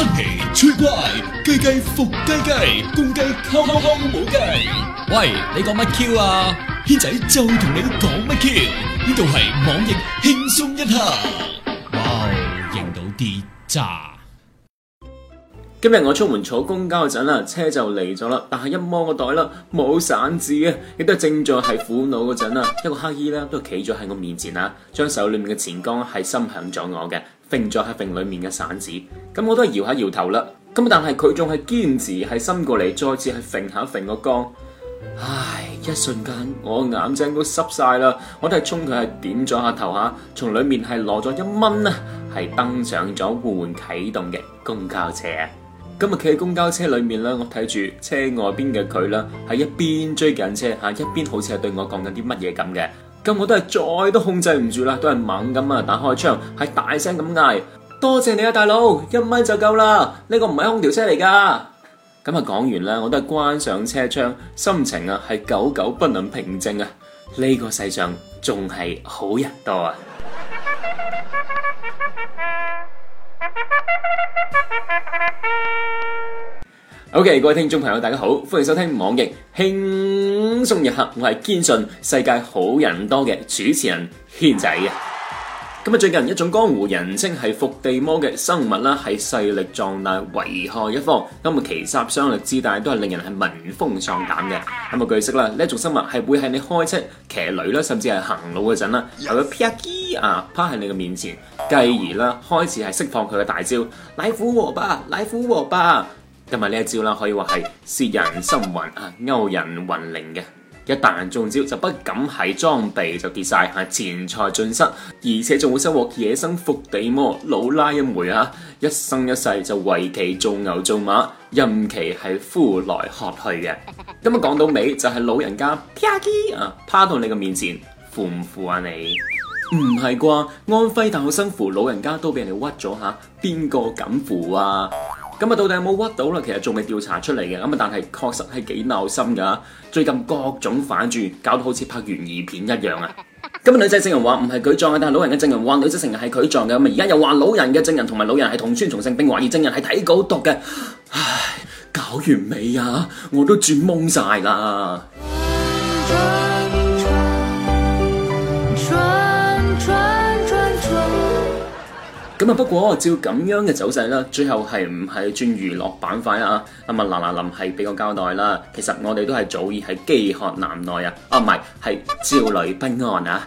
新奇趣怪，雞雞伏雞雞，公雞扣扣扣冇雞。喂，你講乜 Q 啊？軒仔就同你講乜 Q？呢度係網易輕鬆一刻。哇哦，認到啲渣。今日我出門坐公交嗰陣啦，車就嚟咗啦，但係一摸個袋啦，冇散紙啊，亦都正在係苦惱嗰陣啊，一個乞衣啦都企咗喺我面前啊，將手裏面嘅錢光係心響咗我嘅。揈咗喺揈裏面嘅散紙，咁我都係搖下搖頭啦。咁但係佢仲係堅持係伸過嚟，再次係揈下揈個光。唉，一瞬間我眼睛都濕晒啦。我都係衝佢係點咗下頭吓，從裏面係攞咗一蚊啊，係登上咗緩緩啟動嘅公交車啊。今日企喺公交車裏面咧，我睇住車外邊嘅佢啦，係一邊追緊車吓，一邊好似係對我講緊啲乜嘢咁嘅。咁我都係再都控制唔住啦，都係猛咁啊打開窗，係大聲咁嗌，多謝你啊大佬，一米就夠啦，呢個唔係空調車嚟噶。咁啊講完啦，我都係關上車窗，心情啊係久久不能平靜啊，呢個世上仲係好人多啊。好嘅，okay，各位聽眾朋友，大家好，歡迎收聽網易輕鬆一刻。我係堅信世界好人多嘅主持人軒仔嘅。咁啊，最近一種江湖人稱係伏地魔嘅生物啦，係勢力壯大，為害一方。咁啊，其殺傷力之大，都係令人係聞風喪膽嘅。有冇據悉啦？呢一種生物係會喺你開車騎驢啦，甚至係行路嗰陣啦，由佢劈機啊，趴喺你嘅面前，繼而啦開始係釋放佢嘅大招，乃虎和吧，乃虎和吧。今日呢一招啦，可以話係攝人心魂啊，勾人魂靈嘅。一旦中招，就不敢喺裝備就跌晒，係錢財盡失，而且仲會收穫野生伏地魔老拉一枚啊！一生一世就為其做牛做馬，任其係呼來喝去嘅。今日講到尾就係、是、老人家，啊，趴到你嘅面前，扶唔扶啊你？唔係啩？安徽大學生扶老人家都俾人哋屈咗吓，邊、啊、個敢扶啊？咁啊，到底有冇屈到啦？其實仲未調查出嚟嘅，咁啊，但係確實係幾鬧心㗎。最近各種反轉，搞到好似拍懸疑片一樣啊！咁啊，女仔證人話唔係佢撞嘅，但係老人嘅證人話女仔證人係佢撞嘅，咁啊，而家又話老人嘅證人同埋老人係同村同姓，並懷疑證人係睇稿讀嘅，唉，搞完未啊？我都轉懵晒啦！ 嗯，不過照咁樣嘅走勢咧，最後係唔係轉娛樂板塊啦？啊，阿文林林係俾我交代啦。其實我哋都係早已係飢渴難耐啊！啊，唔係係焦慮不安啊！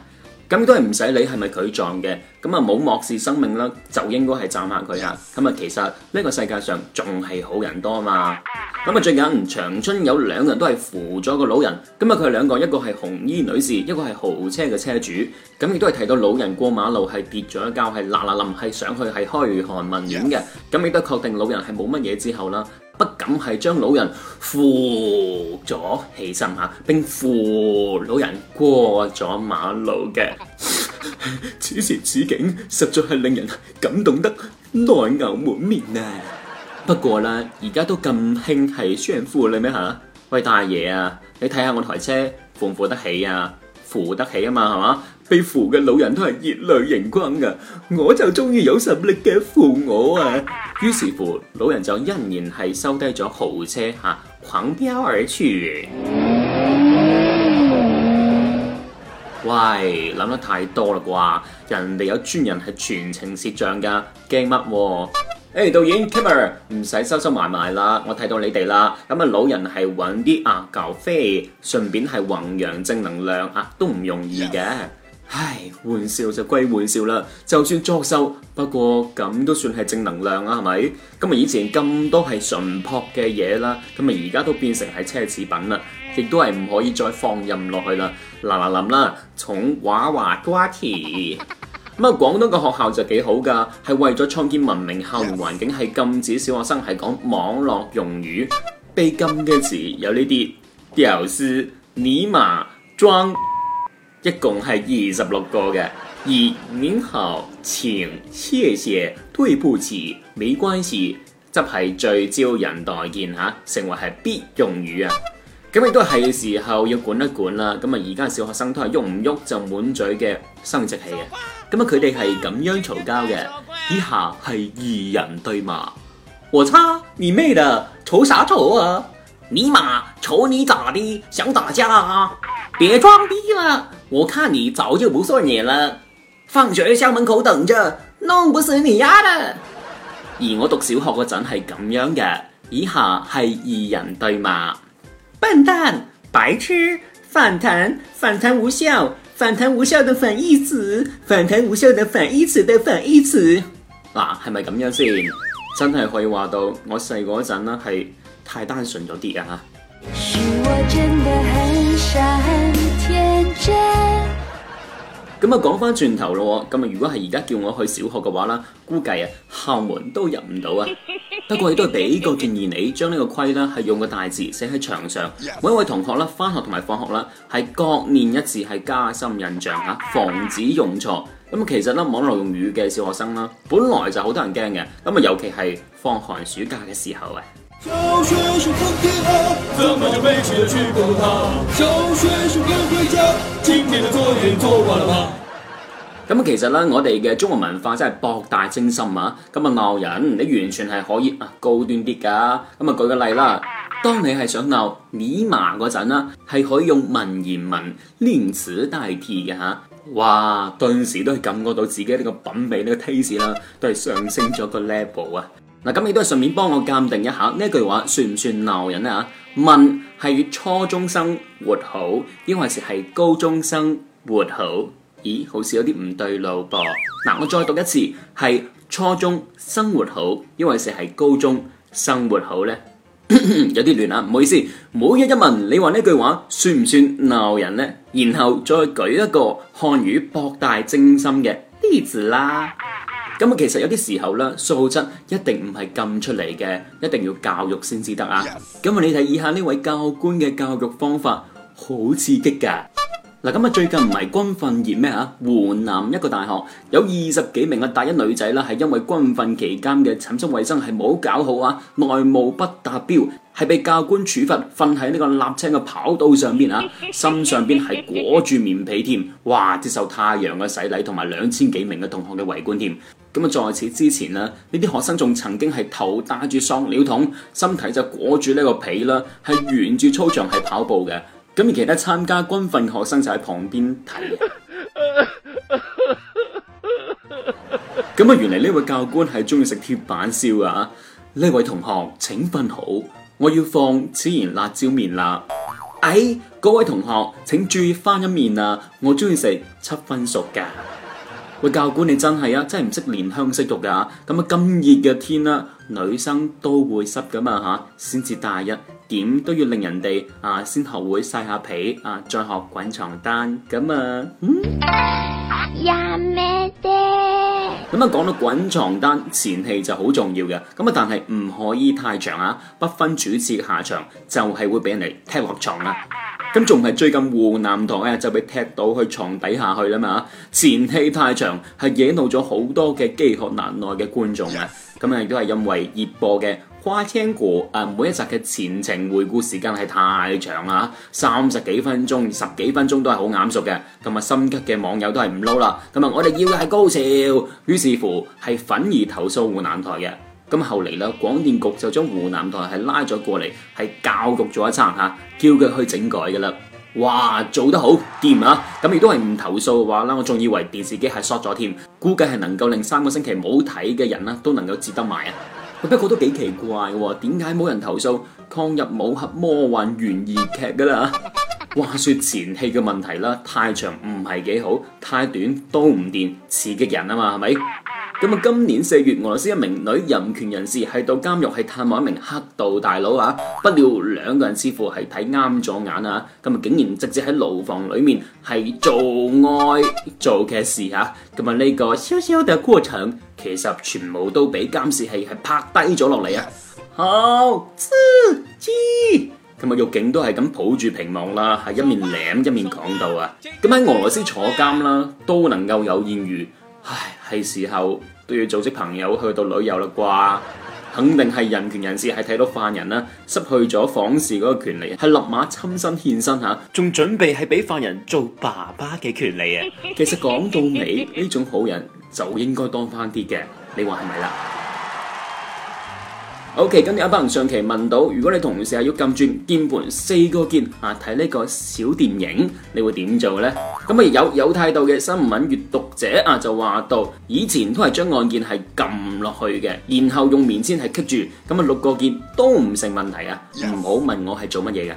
咁都係唔使理係咪佢撞嘅，咁啊冇漠視生命啦，就應該係讚下佢啊！咁啊，其實呢個世界上仲係好人多啊嘛！咁啊，最近長春有兩人都係扶咗個老人，咁啊，佢哋兩個，一個係紅衣女士，一個係豪車嘅車主，咁亦都係睇到老人過馬路係跌咗一跤，係嗱嗱冧，係上去係噓寒問暖嘅，咁亦都確定老人係冇乜嘢之後啦。不敢係將老人扶咗起身吓，並扶老人過咗馬路嘅。 此時此景實在係令人感動得內牛滿面、啊、呢。不過啦，而家都咁興係雙扶啦咩吓？喂，大爺啊，你睇下我台車，扶，唔扶得起啊，扶得起啊嘛，係嘛？被扶嘅老人都係熱淚盈眶噶，我就中意有實力嘅扶我啊！於 是乎，老人就欣然係收低咗豪車，吓、啊、狂飆而去。 喂，諗得太多喇啩！人哋有專人係全程攝像噶，驚乜？誒、 欸，導演 camera 唔使收收埋埋啦，我睇到你哋啦。咁啊，老人係揾啲阿狗飛，順便係弘揚正能量啊，啊，都唔容易嘅。 唉，玩笑就歸玩笑啦，就算作秀，不過咁都算係正能量啦，係咪？咁咪以前咁多係純樸嘅嘢啦，咁咪而家都變成係奢侈品啦，亦都係唔可以再放任落去啦。嗱嗱臨啦，從娃娃抓起。咁啊，廣東嘅學校就幾好㗎，係為咗創建文明校園環境，係禁止小學生係講網絡用語。被禁嘅詞有呢啲：屌絲、尼瑪、裝。一共係二十六個嘅，而您好、請、謝謝、對不起、沒關係，則係最招人待見吓，成為係必用語啊！咁亦、嗯、都係時候要管一管啦。咁啊，而家小學生都係喐唔喐就滿嘴嘅生殖器嘅。咁啊掛，佢哋係咁樣嘈交嘅，掛以下係二人對罵：我差你咩啦？吵啥吵啊？你瑪，吵你咋啲？想打架啊？別裝逼啦！我看你早就不順眼了，放學校門口等着，弄不死你丫的。而我讀小學嗰陣係咁樣嘅，以下係二人對罵：笨蛋、白痴、反彈、反彈無效、反彈無效的反義詞、反彈無效的反義詞的反義詞。嗱、啊，係咪咁樣先？真係可以話到，我細嗰陣啦，係太單純咗啲啊。是我真的很傻。咁啊，講翻轉頭咯，咁啊，如果係而家叫我去小學嘅話啦，估計啊，校門都入唔到啊。不過亦都係俾個建議你，將呢個規呢係用個大字寫喺牆上，每一位同學呢，翻學同埋放學啦，係各念一字，係加深印象嚇，防止用錯。咁啊，其實呢，網絡用語嘅小學生啦，本來就好多人驚嘅，咁啊，尤其係放寒暑假嘅時候啊。咁其實呢，我哋嘅中國文，文化真係博大精深啊！咁啊，鬧人你完全係可以啊，高端啲噶。咁啊，舉個例啦，當你係想鬧尼麻嗰陣啦，係可以用文言文、連詞代替嘅吓，啊。哇，頓時都係感覺到自己呢個品味呢，呢個 taste 啦，都係上升咗個 level 啊！嗱，咁你都係順便幫我鑒定一下呢句話算唔算鬧人呢？啊，問係初中生活好，抑或是係高中生活好，咦，好似有啲唔對路噃。嗱，我再讀一次，係初中生活好，抑或是係高中生活好呢，咳咳有啲亂啊，唔好意思，每日一問，你話呢句話算唔算鬧人呢、啊？然後再舉一個漢語博大精深嘅例子啦。咁其實有啲時候咧，素質一定唔係撳出嚟嘅，一定要教育先至得啊！咁 Yes. 你睇以下呢位教官嘅教育方法，好刺激㗎！嗱，咁啊，最近唔係軍訓熱咩吓？湖南一個大學有二十幾名嘅大一女仔啦，係因為軍訓期間嘅寢室衛生係冇搞好啊，內務不達標，係被教官處罰瞓喺呢個立青嘅跑道上邊啊，身上邊係裹住棉被添，哇！接受太陽嘅洗禮同埋兩千幾名嘅同學嘅圍觀添。咁、嗯、啊，在此之前啦，呢啲學生仲曾經係頭戴住塑料桶，身體就裹住呢個被啦，係沿住操場係跑步嘅。咁而其他參加軍訓學生就喺旁邊睇。咁啊，原嚟呢位教官係中意食鐵板燒噶。呢位同學，請瞓好，我要放孜然辣椒麵啦。 哎，各位同學，請注意翻一面啊！我中意食七分熟噶。 喂，教官你真係啊，真係唔識憐香惜玉噶吓。咁啊，咁熱嘅天啦，女生都會濕噶嘛吓，先至大一。點都要令人哋啊先學會晒下被啊，再學滾床單咁啊。咁、嗯、啊， 講到滾床單前戲就好重要嘅。咁啊，但係唔可以太長啊，不分主次下場就係、是、會俾人哋踢落床啊。咁仲唔係最近湖南台啊就被踢到去床底下去啦嘛？前戲太長係惹怒咗好多嘅飢渴難耐嘅觀眾啊。咁啊，亦都係因為熱播嘅。花千骨，誒、啊，每一集嘅前情回顧時間係太長啦，三十幾分鐘、十幾分鐘都係好眼熟嘅，同埋心急嘅網友都係唔撈啦。咁啊，我哋要嘅係高潮，於是乎係憤而投訴湖南台嘅。咁、嗯、後嚟啦，廣電局就將湖南台係拉咗過嚟，係教育咗一餐吓，叫佢去整改嘅啦。哇，做得好掂啊！咁、嗯、亦都係唔投訴嘅話啦，我仲以為電視機係 short 咗添，估計係能夠令三個星期冇睇嘅人啦都能夠接得埋啊！不過都幾奇怪喎，點解冇人投訴抗日武俠魔幻懸疑劇噶啦？話說前戲嘅問題啦，太長唔係幾好，太短都唔掂，刺激人啊嘛，係咪？咁啊，今年四月，俄羅斯一名女人權人士係到監獄係探望一名黑道大佬啊，不料兩個人似乎係睇啱咗眼啊，咁啊竟然直接喺牢房裏面係做愛做嘅事吓、啊，咁啊呢個小小的過程。其實全部都俾監視器係拍低咗落嚟啊！好知知，今日獄警都係咁抱住屏幕啦，係一面舐一面講到啊！咁喺俄羅斯坐監啦，都能夠有艷遇。唉。係時候都要組織朋友去到旅遊啦啩，肯定係人權人士係睇到犯人啦，失去咗訪視嗰個權利，係立馬親身獻身吓，仲、啊、準備係俾犯人做爸爸嘅權利啊！ 其實講到尾呢種好人就應該多翻啲嘅，你話係咪啦？O.K.，今日阿伯上期問到，如果你同事係要撳住鍵盤四個鍵啊，睇呢個小電影，你會點做呢？咁啊，有有態度嘅新聞閱讀者啊，就話到以前都係將按鍵係撳落去嘅，然後用棉簽係吸住，咁啊六個鍵都唔成問題啊！唔好 Yes. 問我係做乜嘢嘅，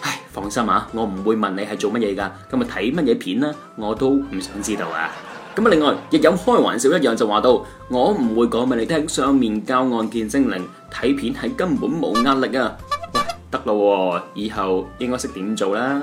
唉，放心啊，我唔會問你係做乜嘢噶，咁啊睇乜嘢片咧，我都唔想知道啊。咁啊，另外亦有開玩笑一樣就話到，我唔會講俾你聽，雙面膠按鍵精靈。睇片係根本冇壓力啊！喂，得喇喎，以後應該識點做啦。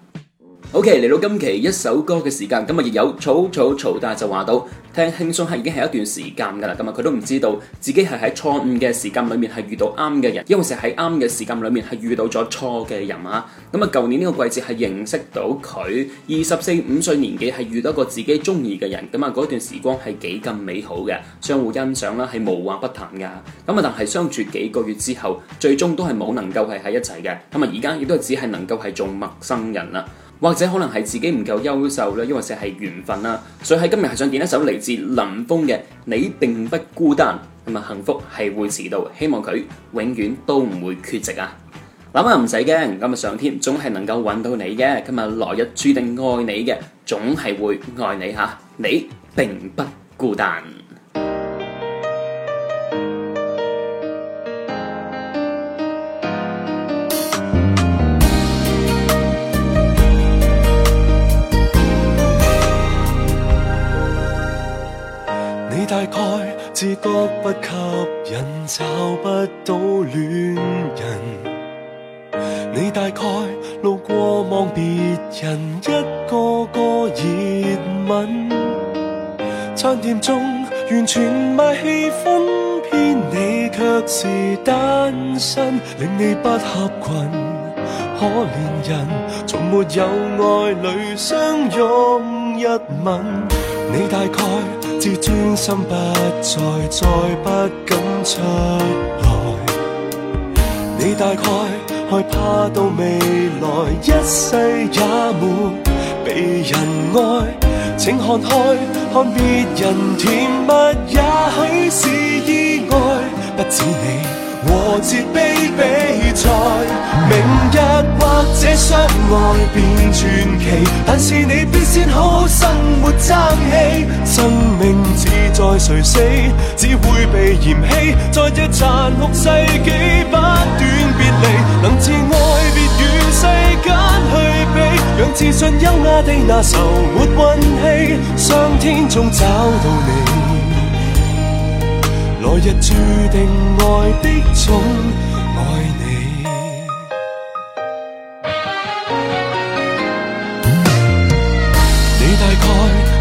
Ok，嚟到今期一首歌嘅時間，咁啊亦有嘈嘈嘈，但係就話到聽輕鬆係已經係一段時間噶啦。咁啊，佢都唔知道自己係喺錯誤嘅時間裏面係遇到啱嘅人，因為成日喺啱嘅時間裏面係遇到咗錯嘅人啊。咁啊，舊年呢個季節係認識到佢二十四五歲年紀係遇到一個自己中意嘅人，咁啊嗰段時光係幾咁美好嘅，相互欣賞啦，係無話不談噶。咁啊，但係相處幾個月之後，最終都係冇能夠係喺一齊嘅。咁啊，而家亦都只係能夠係做陌生人啦。或者可能係自己唔夠優秀咧，亦或者係緣分啦。所以喺今日係想點一首嚟自林峯嘅《你並不孤單》，咁啊幸福係會遲到，希望佢永遠都唔會缺席啊！諗下唔使驚，今日上天總係能夠搵到你嘅，今日來日注定愛你嘅，總係會愛你吓，你並不孤單。你大概自覺不吸引，找不到戀人。你大概路過望別人一個個熱吻，餐店中完全賣氣氛，偏你卻是單身，令你不合群。可憐人從沒有愛侶相擁一吻，你大概。自尊心不再，再不敢出來。你大概害怕到未來一世也沒被人愛。請看開，看別人甜蜜，也許是意外。不止你和自卑比賽。明日或者相愛變傳奇，但是你必先好好生活爭氣。生命自在誰死，只會被嫌棄。在這殘酷世紀不斷別離，能自愛別與世間去比，讓自信優雅的那愁沒運氣。上天總找到你，來日注定愛的重。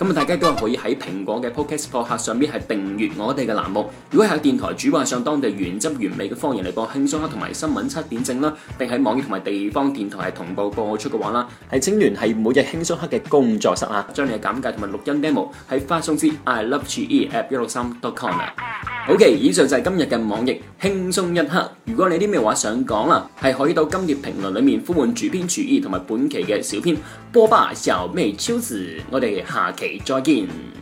咁啊、嗯！大家都係可以喺蘋果嘅 Podcast 播客上面係訂閱我哋嘅欄目。如果喺電台主播上當地原汁原味嘅方言嚟播輕鬆一刻啦，同埋新聞七點正啦，並喺網易同埋地方電台係同步播出嘅話啦，喺請聯繫每日輕鬆一刻嘅工作室啊，將你嘅簡介同埋錄音 demo 係發送至 I Love GE App 一六三 .com 啦。好嘅，以上就係今日嘅網易輕鬆一刻。如果你有啲咩話想講啦，係可以到今日評論裡面呼喚主編注意同埋本期嘅小編。播霸小妹秋子，我哋下期再見。